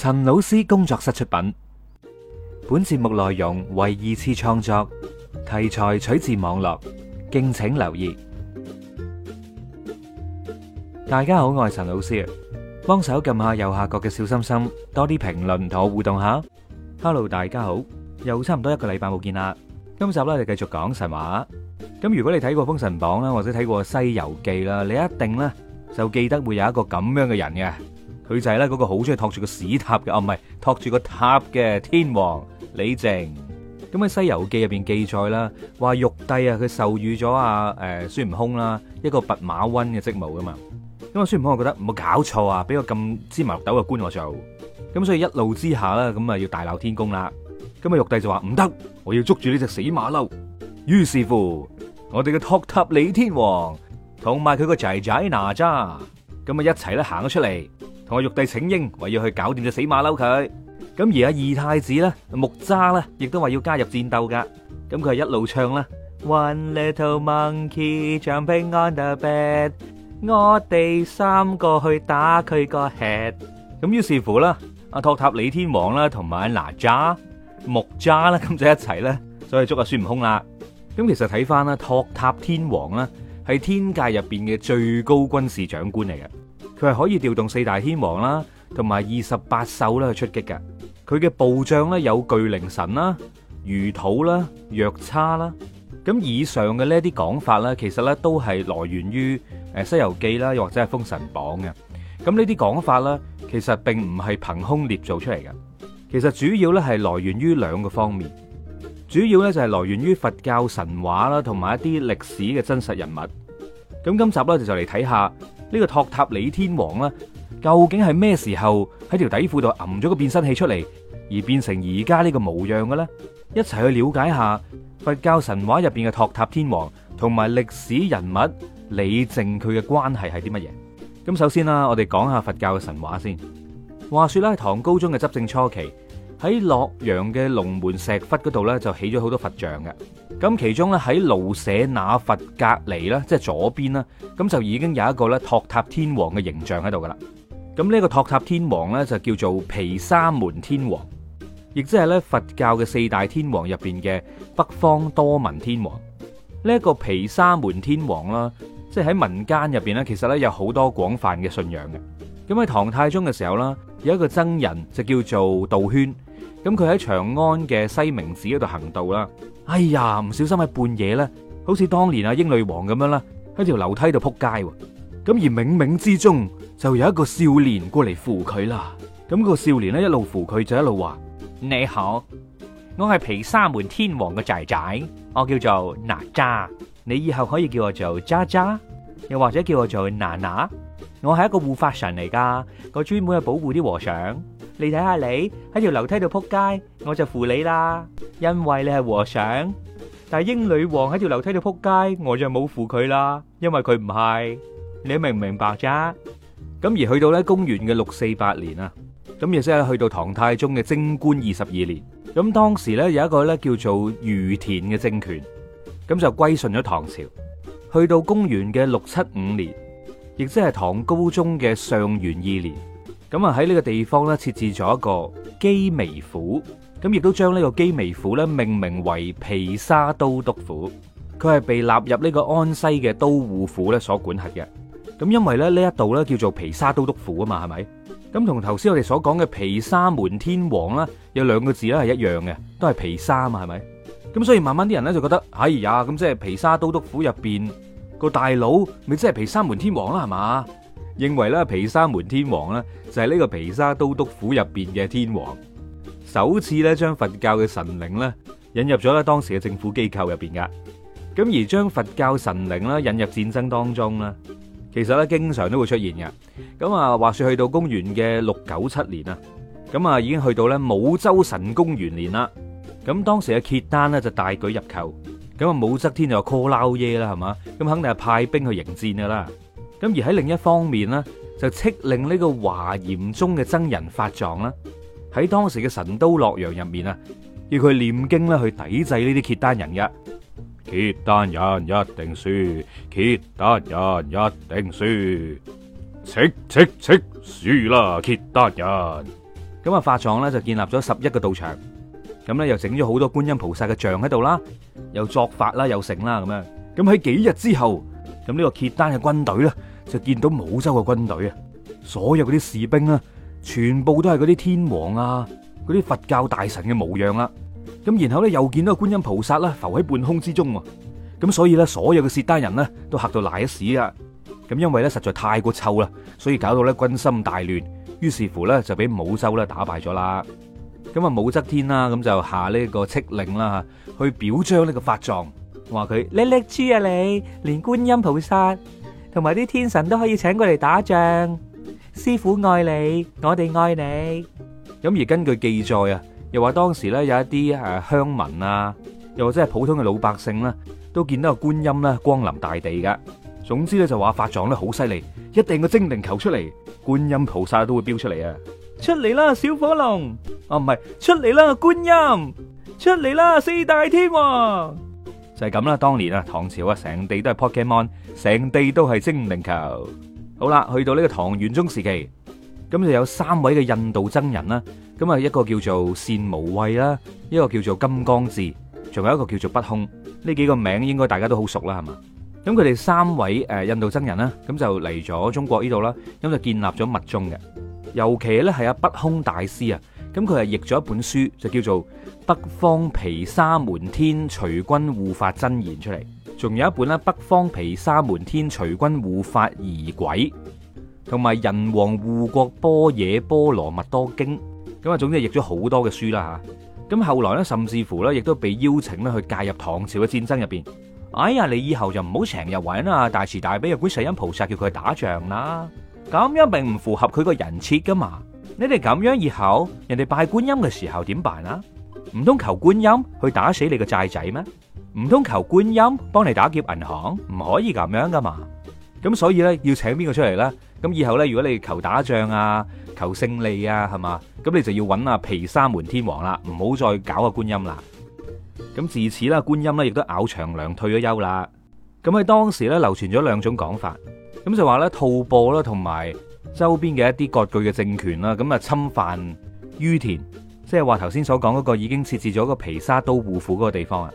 陳老師工作室出品，本節目內容為二次創作，題材取自網絡，敬請留意。大家好，我係陳老師，幫手撳下右下角嘅小心心，多啲評論同我互動下。Hello，大家好，又差唔多一個禮拜冇見啦。今集咧就繼續講神話。咁如果你睇過《封神榜》啦，或者睇過《西遊記》啦，你一定咧就記得會有一個咁樣嘅人嘅。佢就係咧嗰個好中意托住個屎塔嘅，哦唔係托住個塔嘅天王李靖。咁喺《西遊記》入邊記載啦，話玉帝啊佢授予咗啊誒孫悟空啦一個弼馬溫嘅職務噶嘛。咁啊孫悟空我覺得唔好搞錯啊，俾個咁芝麻綠豆嘅官我做。咁所以一怒之下啦，咁啊要大鬧天宮啦。咁啊玉帝就話唔得，我要捉住呢隻死馬騮。於是乎，我哋嘅托塔李天王同埋佢個仔仔哪吒，咁啊一齊咧行咗出嚟。同我玉帝請纓，話要去搞掂隻死馬騮佢。咁而家二太子咧，木渣咧，亦都話要加入戰鬥噶。咁佢係一路唱啦。One little monkey jumping on the bed，我哋三個去打佢個 head。咁於是乎啦，阿托塔李天王啦，同埋哪吒、木渣啦，咁就一齊咧，就去捉阿孫悟空啦。咁其實睇翻啦，托塔天王啦，係天界入邊嘅最高軍事長官嚟嘅。佢係可以調動四大天王啦，同埋二十八獸咧去出擊嘅。佢嘅部將咧有巨靈神啦、魚肚啦、藥叉啦。咁以上嘅呢啲講法咧，其實咧都係來源於《誒西遊記》啦，又或者係《封神榜》嘅。咁呢啲講法咧，其實並唔係憑空捏造出嚟嘅。其實主要咧係來源於兩個方面，主要咧就係來源於佛教神話啦，同埋一啲歷史嘅真實人物。咁今集咧就就嚟睇下。呢個托塔李天王啦，究竟係咩時候喺條底褲度揞咗個變身器出嚟，而變成而家呢個模樣嘅咧？一齊去了解下佛教神話入邊嘅托塔天王同埋歷史人物李靖佢嘅關係係啲乜嘢？咁首先啦，我哋講下佛教嘅神話先。話說咧，唐高宗嘅執政初期。喺洛陽嘅龍門石窟嗰度咧，就起咗好多佛像嘅。咁其中咧，喺盧舍那佛隔籬啦，即係左邊啦，咁就已經有一個咧托塔天王嘅形象喺度噶啦。咁呢個托塔天王咧就叫做毗沙門天王，亦即係咧佛教嘅四大天王入邊嘅北方多聞天王。呢一個毗沙門天王啦，即係喺民間入邊咧，其實咧有好多廣泛嘅信仰嘅。咁喺唐太宗嘅時候啦，有一個僧人就叫做道宣。咁佢喺長安嘅西明寺嗰度行道啦，哎呀，唔小心喺半夜咧，好似當年阿英女王咁樣啦，喺條樓梯度撲街。咁而冥冥之中就有一個少年過嚟扶佢啦。咁個少年咧一路扶佢就一路話：你好，我係毗沙門天王嘅仔仔，我叫做哪吒。你以後可以叫我做渣渣，又或者叫我做哪哪。我係一個護法神嚟噶，我專門去保護啲和尚。你睇下你喺條樓梯度扑街，我就扶你啦，因為你係和尚。但係英女王喺條樓梯度扑街，我就冇扶佢啦，因為佢唔係。你明唔明白啫？咁而去到咧公元嘅六四八年啊，咁亦即係去到唐太宗嘅貞觀二十二年。咁當時咧有一個咧叫做于闐嘅政權，咁就歸順咗唐朝。去到公元嘅六七五年，亦即係唐高宗嘅上元二年。咁啊喺呢個地方呢設置咗一個羈縻府，咁亦都將呢個羈縻府呢命名為毗沙都督府，佢係被納入呢個安西嘅都護府呢所管轄嘅。咁因為呢一度呢叫做毗沙都督府啊嘛，係咪？咁同頭先我哋所講嘅毗沙門天王呢，有兩個字呢係一樣嘅，都係毗沙嘛，係咪？咁所以慢慢啲人呢，就覺得，哎呀，咁即係毗沙都督府入邊個大佬，咪即係毗沙門天王啦，係嘛？認為咧皮沙門天王咧就係呢個毗沙都督府入邊嘅天王，首次咧將佛教嘅神靈咧引入咗咧當時嘅政府機構入邊噶，咁而將佛教神靈咧引入戰爭當中咧，其實咧經常都會出現嘅。咁啊，話說去到公元嘅六九七年啊，咁啊已經去到咧武周神功元年啦。咁當時嘅契丹咧就大舉入寇，咁啊武則天就 call 撈耶啦，係嘛？咁肯定係派兵去迎戰噶啦。咁而喺另一方面咧，就敕令呢個華嚴宗嘅僧人法藏啦，喺當時嘅神都洛陽入面啊，要佢念經咧去抵制呢啲契丹人嘅契丹人一定輸，契丹人一定輸敕敕敕敕輸，敕敕敕輸啦，契丹人。咁啊，法藏咧就建立咗十一個道場，咁咧又整咗好多觀音菩薩嘅像喺度啦，又作法啦，又成啦，咁樣。咁喺幾日之後。咁呢個契丹嘅軍隊咧，就見到武周嘅軍隊啊，所有嗰啲士兵咧，全部都係嗰啲天王啊，嗰啲佛教大臣嘅模樣啦。咁然後咧，又見到觀音菩薩啦，浮喺半空之中。咁所以咧，所有嘅契丹人呢，都嚇到瀨一屎啊！咁因為咧，實在太過臭啦，所以搞到咧軍心大亂。於是乎咧，就俾武周咧打敗咗啦。咁啊，武則天啦，咁就下呢個敕令啦，去表彰呢個法藏。話佢叻叻豬啊！你連觀音菩薩同埋啲天神都可以請過嚟打仗。師傅愛你，我哋愛你。咁而根據記載啊，又話當時咧有一啲誒鄉民啊，又或者係普通嘅老百姓啦，都見到個觀音啦光臨大地噶。總之咧就話法狀咧好犀利，一掟個精靈球出嚟，觀音菩薩都會飆出嚟啊！出嚟啦，小火龍哦，唔係出嚟啦，觀音出嚟啦，四大天王。就係咁啦，當年啊，唐朝啊，成地都係 Pokemon，成地都係精靈球。好啦，去到呢個唐玄宗時期，咁就有三位嘅印度僧人啦，咁啊一個叫做善無畏啦，一個叫做金剛智，仲有一個叫做不空。呢幾個名應該大家都好熟啦，係嘛？咁佢哋三位誒印度僧人啦，咁就嚟咗中國呢度啦，咁就建立咗密宗嘅。尤其咧係阿不空大師啊。咁佢係譯咗一本書，就叫做《北方毗沙門天隨軍護法真言》出嚟，仲有一本咧《北方毗沙門天隨軍護法儀軌》，同埋《人王護國波野波羅蜜多經》。咁啊，總之係譯咗好多嘅書啦吓。咁後來咧，甚至乎咧，亦都被邀請咧去介入唐朝嘅戰爭入邊。哎呀，你以後就唔好成日玩啦！大慈大悲嘅觀世音菩薩叫佢打仗啦，咁樣並唔符合佢個人設噶嘛。你哋咁樣以後，人哋拜觀音嘅時候點辦啊？唔通求觀音去打死你個債仔咩？唔通求觀音幫你打劫銀行？唔可以咁樣噶嘛？咁所以咧要請邊個出嚟咧？咁以後咧如果你求打仗啊、求勝利啊，係嘛？咁你就要揾阿毗沙門天王啦，唔好再搞個觀音啦。咁自此啦，觀音咧亦都咬長梁退咗休啦。咁喺當時咧流傳咗兩種講法，咁就話咧吐缽啦，同埋。周邊嘅一啲割據嘅政權啦，咁啊侵犯於田，即係話頭先所講嗰個已經設置咗個毗沙都護府嗰個地方啊。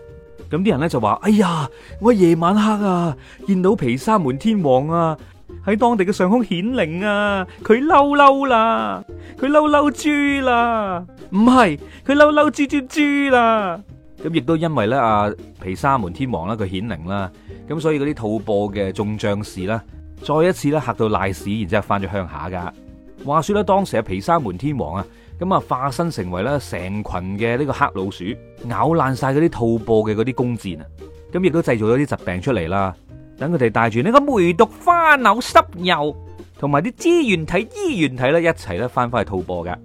咁啲人咧就話：哎呀，我夜晚黑啊，見到毗沙門天王啊，喺當地嘅上空顯靈啊！佢嬲嬲啦，佢嬲嬲豬啦，唔係，佢嬲嬲豬豬豬啦。咁亦都因為咧啊，毗沙門天王啦，佢顯靈啦，咁所以嗰啲吐蕃嘅眾將士啦。再一次咧嚇到賴屎，然之後翻咗鄉下噶。話說咧，當時係毗沙門天王啊，咁啊化身成為咧成群嘅呢個黑老鼠，咬爛晒嗰啲吐蕃嘅嗰啲弓箭啊，咁亦都製造咗啲疾病出嚟啦。等佢哋帶住呢個梅毒、花柳濕疣同埋啲支原體、衣原體咧，一齊咧翻翻去吐蕃噶。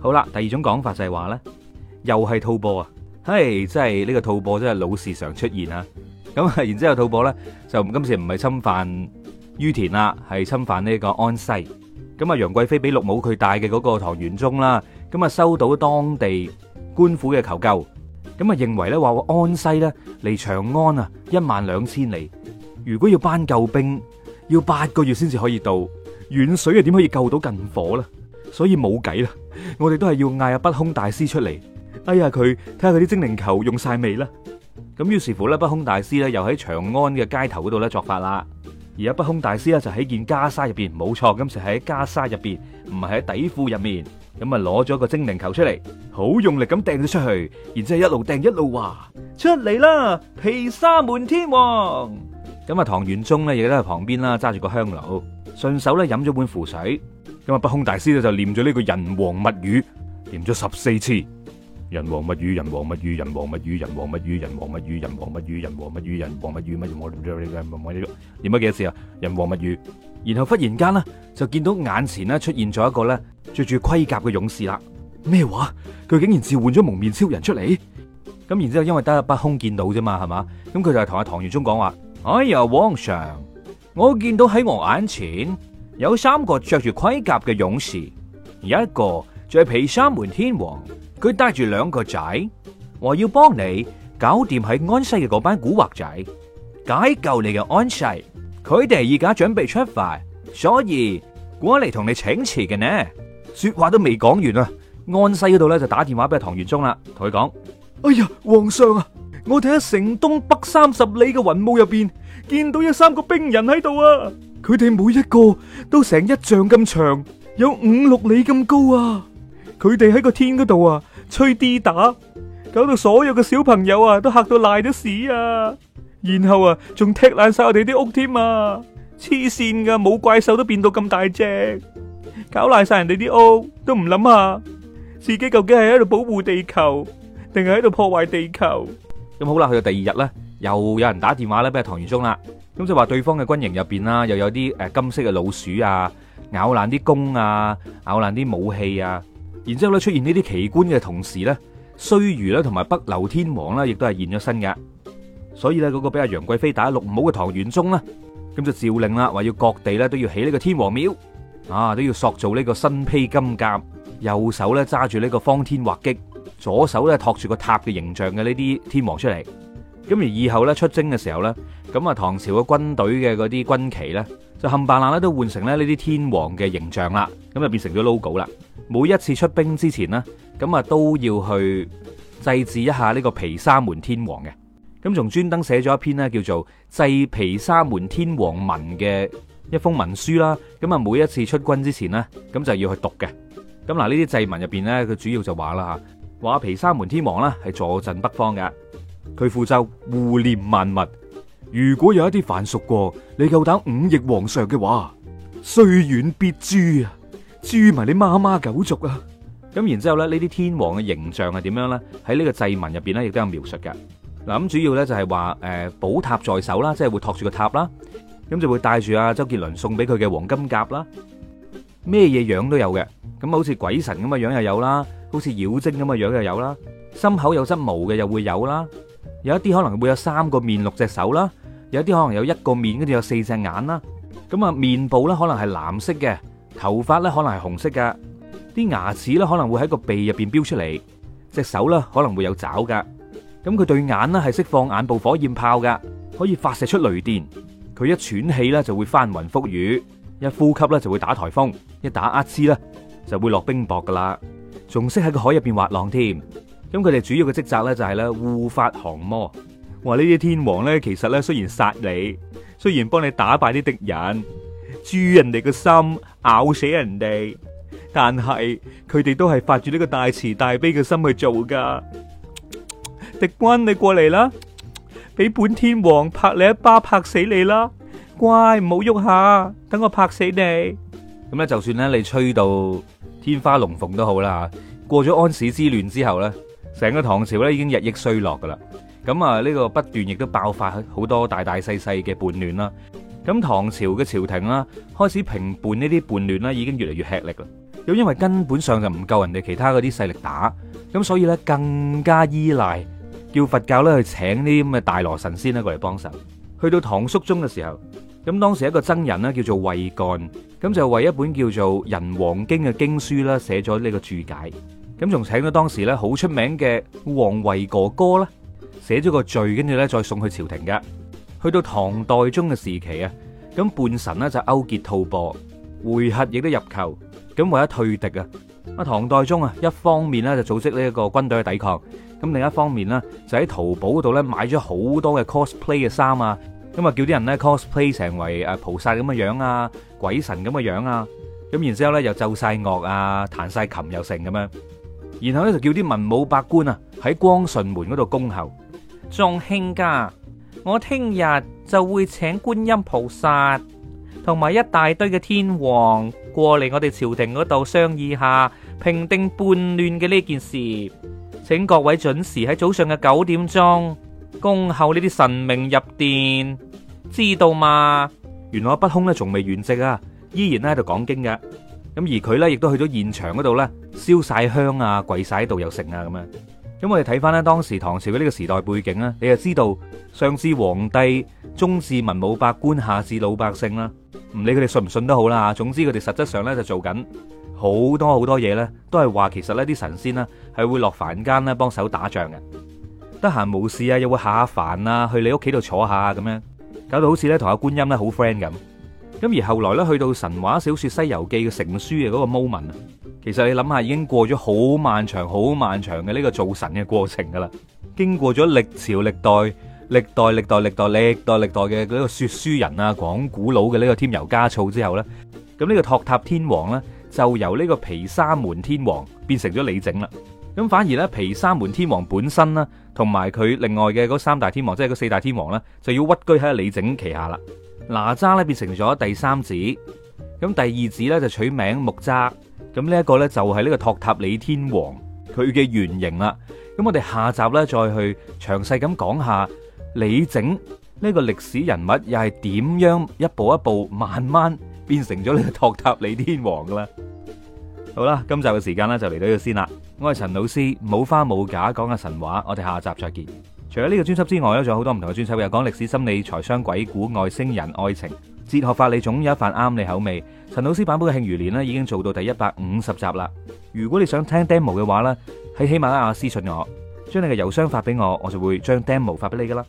好啦，第二種講法就係話咧，又係吐蕃啊，係、hey, 真係呢、這個吐蕃真係老時常出現啊。咁 啊，然之後吐蕃咧就今次唔係侵犯。於田啊，係侵犯呢個安西。咁啊，楊貴妃俾陸母佢帶嘅嗰個唐玄宗啦。咁啊，收到當地官府嘅求救，咁啊，認為咧話，安西咧離長安啊一萬兩千里，如果要搬救兵，要八個月先至可以到遠水啊，點可以救到近火咧？所以冇計啦，我哋都係要嗌阿北空大師出嚟。哎呀，佢睇下佢啲精靈球用晒未啦。咁於是乎咧，北空大師咧又喺長安嘅街頭嗰度咧作法啦。而家不空大師咧就喺件袈裟入邊，冇錯，今次喺袈裟入邊，唔係喺底褲入面，咁啊攞咗個精靈球出嚟，好用力咁掟咗出去，然之後一路掟一路話，出嚟啦，毗沙門天王。咁啊唐玄宗咧亦都喺旁邊啦，揸住個香爐，順手咧飲咗碗符水。咁啊不空大師咧就念咗呢句人王密語，念咗十四次。人王物語，人王物語，人王物語，人王物語，人王物語，人王物語，人王物語，人王物語，乜嘢？我你你你你乜嘢事啊？人王物語，然後忽然間啦，就見到眼前啦出現咗一個咧着住盔甲嘅勇士啦。咩話？佢竟然召喚咗蒙面超人出嚟咁。然之後因為得一不空見到啫嘛，係嘛？咁佢就係同阿唐月忠講話：哎呀，皇上，我見到喺我眼前有三個着住盔甲嘅勇士，be, 一個就係毗沙門天王。佢帶住兩個仔，話要幫你搞掂喺安西嘅嗰班蠱惑仔，解救你嘅安西。佢哋而家準備出發，所以趕嚟同你請辭嘅呢。說話都未講完啊，安西嗰度咧就打電話俾唐玄宗啦。同佢講：哎呀，皇上啊，我哋喺城東北三十里嘅雲霧入邊，見到有三個兵人喺度啊。佢哋每一個都成一丈咁長，有五六里咁高啊。佢哋喺個天嗰度啊。吹 D 打，搞到所有嘅小朋友啊都吓到賴咗屎啊！然後啊，仲踢爛晒我哋啲屋添啊！黐線噶冇怪獸都變到咁大隻，搞爛晒人哋啲屋都唔諗下，自己究竟係喺度保護地球，定係喺度破壞地球？咁好啦，去到第二日啦，又有人打電話咧俾阿唐玄宗啦，咁即係話對方嘅軍營入邊啦，又有啲誒金色嘅老鼠啊，咬爛啲弓啊，咬爛啲武器啊。然之後咧出現呢啲奇觀嘅同時咧，須臾咧同埋北流天王咧亦都係現咗身嘅，所以咧嗰個俾阿楊貴妃打六母嘅唐玄宗咧，咁就詔令啦，話要各地咧都要起呢個天王廟，啊都要塑造呢個身披金甲、右手咧揸住呢個方天畫戟、左手咧托住個塔嘅形象嘅呢啲天王出嚟。咁而以後咧出征嘅時候咧，咁啊唐朝嘅軍隊嘅嗰啲軍旗咧，就冚唪唥咧都換成咧呢啲天王嘅形象啦，咁就變成咗 logo 啦。每一次出兵之前呢，咁啊都要去祭祀一下呢個皮沙門天王嘅。咁仲專登寫咗一篇呢叫做《祭皮沙門天王文》嘅一封文書啦。咁啊每一次出軍之前呢，咁就要去讀嘅。咁嗱呢啲祭文入邊咧，佢主要就話啦嚇，話皮沙門天王呢係坐鎮北方嘅。佢負責護念萬物。如果有一啲凡俗過，你夠膽忤逆皇上嘅話，雖遠必誅啊！誅埋你媽媽九族啊！咁然之後咧，呢啲天王嘅形象係點樣咧？喺呢個祭文入邊咧，亦都有描述嘅嗱。咁主要咧就係話誒寶塔在手啦，即係會托住個塔啦，咁就會帶住阿周杰倫送俾佢嘅黃金甲啦。咩嘢樣都有嘅，咁好似鬼神咁嘅樣又有啦，好似妖精咁嘅樣又有啦，心口有質毛嘅又會有啦。有一啲可能會有三個面六隻手啦，有啲可能有一個面跟住有四隻眼啦。咁啊，面部呢可能係藍色嘅，頭髮呢可能係紅色噶，啲牙齒呢可能會喺個鼻入邊飆出嚟，隻手呢可能會有爪噶。咁佢對眼呢係釋放眼部火焰炮噶，可以發射出雷電。佢一喘氣呢就會翻雲覆雨，一呼吸呢就會打颱風，一打乞嗤呢就會落冰雹噶啦，仲識喺個海入邊滑浪添。咁佢哋主要嘅職責咧就係咧護法降魔。話呢啲天王咧，其實咧雖然殺你，雖然幫你打敗啲敵人，誅人哋嘅心，咬死人哋，但係佢哋都係發住呢個大慈大悲嘅心去做噶。敵軍 你過嚟啦，俾 本天王拍你一巴，拍死你啦！乖，唔好喐下，等我拍死你。咁咧，就算咧你吹到天花龍鳳都好啦吓。過咗安史之亂之後咧。成個唐朝咧已經日益衰落噶啦，咁啊呢個不斷亦都爆發好多大大細細嘅叛亂啦，咁唐朝嘅朝廷啦開始平叛呢啲叛亂啦，已經越嚟越吃力啦，咁因為根本上就唔夠人哋其他嗰啲勢力打，咁所以咧更加依賴叫佛教咧去請啲咁嘅大羅神仙咧過嚟幫手。去到唐肅宗嘅時候，咁當時一個僧人咧叫做慧幹，咁就為一本叫做《仁王經》嘅經書啦寫咗呢個註解。咁仲請咗當時咧好出名嘅王維哥哥咧，寫咗個序，跟住咧再送去朝廷噶。去到唐代宗嘅時期啊，咁叛臣咧就勾結吐蕃，會合亦都入寇。咁為咗退敵啊，啊唐代宗啊，一方面咧就組織呢一個軍隊去抵抗，咁另一方面咧就喺淘寶度咧買咗好多嘅 cosplay 嘅衫啊，咁啊叫啲人咧 cosplay 成為誒菩薩咁嘅樣啊，鬼神咁嘅樣啊，咁然之後咧又奏晒樂啊，彈晒琴又成咁樣。然後咧就叫啲文武百官啊喺光順門嗰度恭候。眾卿家,我聽日就會請觀音菩薩同埋一大堆嘅天王過嚟我哋朝廷嗰度商議下平定叛亂嘅呢件事，請各位準時喺早上嘅九點鐘恭候呢啲神明入殿，知道嘛？原來不空呢，仲未完寂啊，依然咧喺度講經嘅。咁而佢咧，亦都去咗現場嗰度咧，燒晒香啊，跪晒喺度又成啊，咁樣。咁我哋睇翻咧，當時唐朝嘅呢個時代背景啊，你就知道上至皇帝，中至文武百官，下至老百姓啦，唔理佢哋信唔信都好啦。總之佢哋實質上咧就做緊好多好多嘢咧，都係話其實咧啲神仙呢，係會落凡間咧幫手打仗嘅，得閒無事啊又會下下凡啊，去你屋企度坐下咁樣，搞到好似咧同阿觀音咧好 friend 咁。咁而後來咧，去到神話小說《西遊記》嘅成書嘅嗰個 moment 啊，其實你諗下，已經過咗好漫長、好漫長嘅呢個造神嘅過程噶啦，經過咗歷朝歷代、歷代歷代歷代歷代歷代嘅嗰個說書人啊、講古佬嘅呢個添油加醋之後呢，咁、這、呢個托塔天王呢，就由呢個毗沙門天王變成咗李靖啦。咁反而呢，毗沙門天王本身啦，同埋佢另外嘅嗰三大天王，即係嗰四大天王呢，就要屈居喺李靖旗下啦。哪吒咧變成咗第三子，咁第二子咧就取名木吒，咁呢一個咧就係呢個托塔李天王佢嘅原型啦。咁我哋下集呢，再去詳細咁講下李靖呢個歷史人物又係點樣一步一步慢慢變成咗呢個托塔李天王噶啦。好啦，今集嘅時間呢就嚟到呢度先啦。我係陳老師，冇花冇假講嘅神話，我哋下集再見。除咗呢個專輯之外，咧仲有好多唔同嘅專輯，又講歷史、心理、財商、鬼故、外星人、愛情、哲學、法理，總有一份啱你口味。陳老師版本嘅慶餘年咧已經做到第一百五十集啦。如果你想聽 demo 嘅話咧，喺喜馬拉雅私信我，將你嘅郵箱發俾我，我就會將 demo 發俾你噶啦。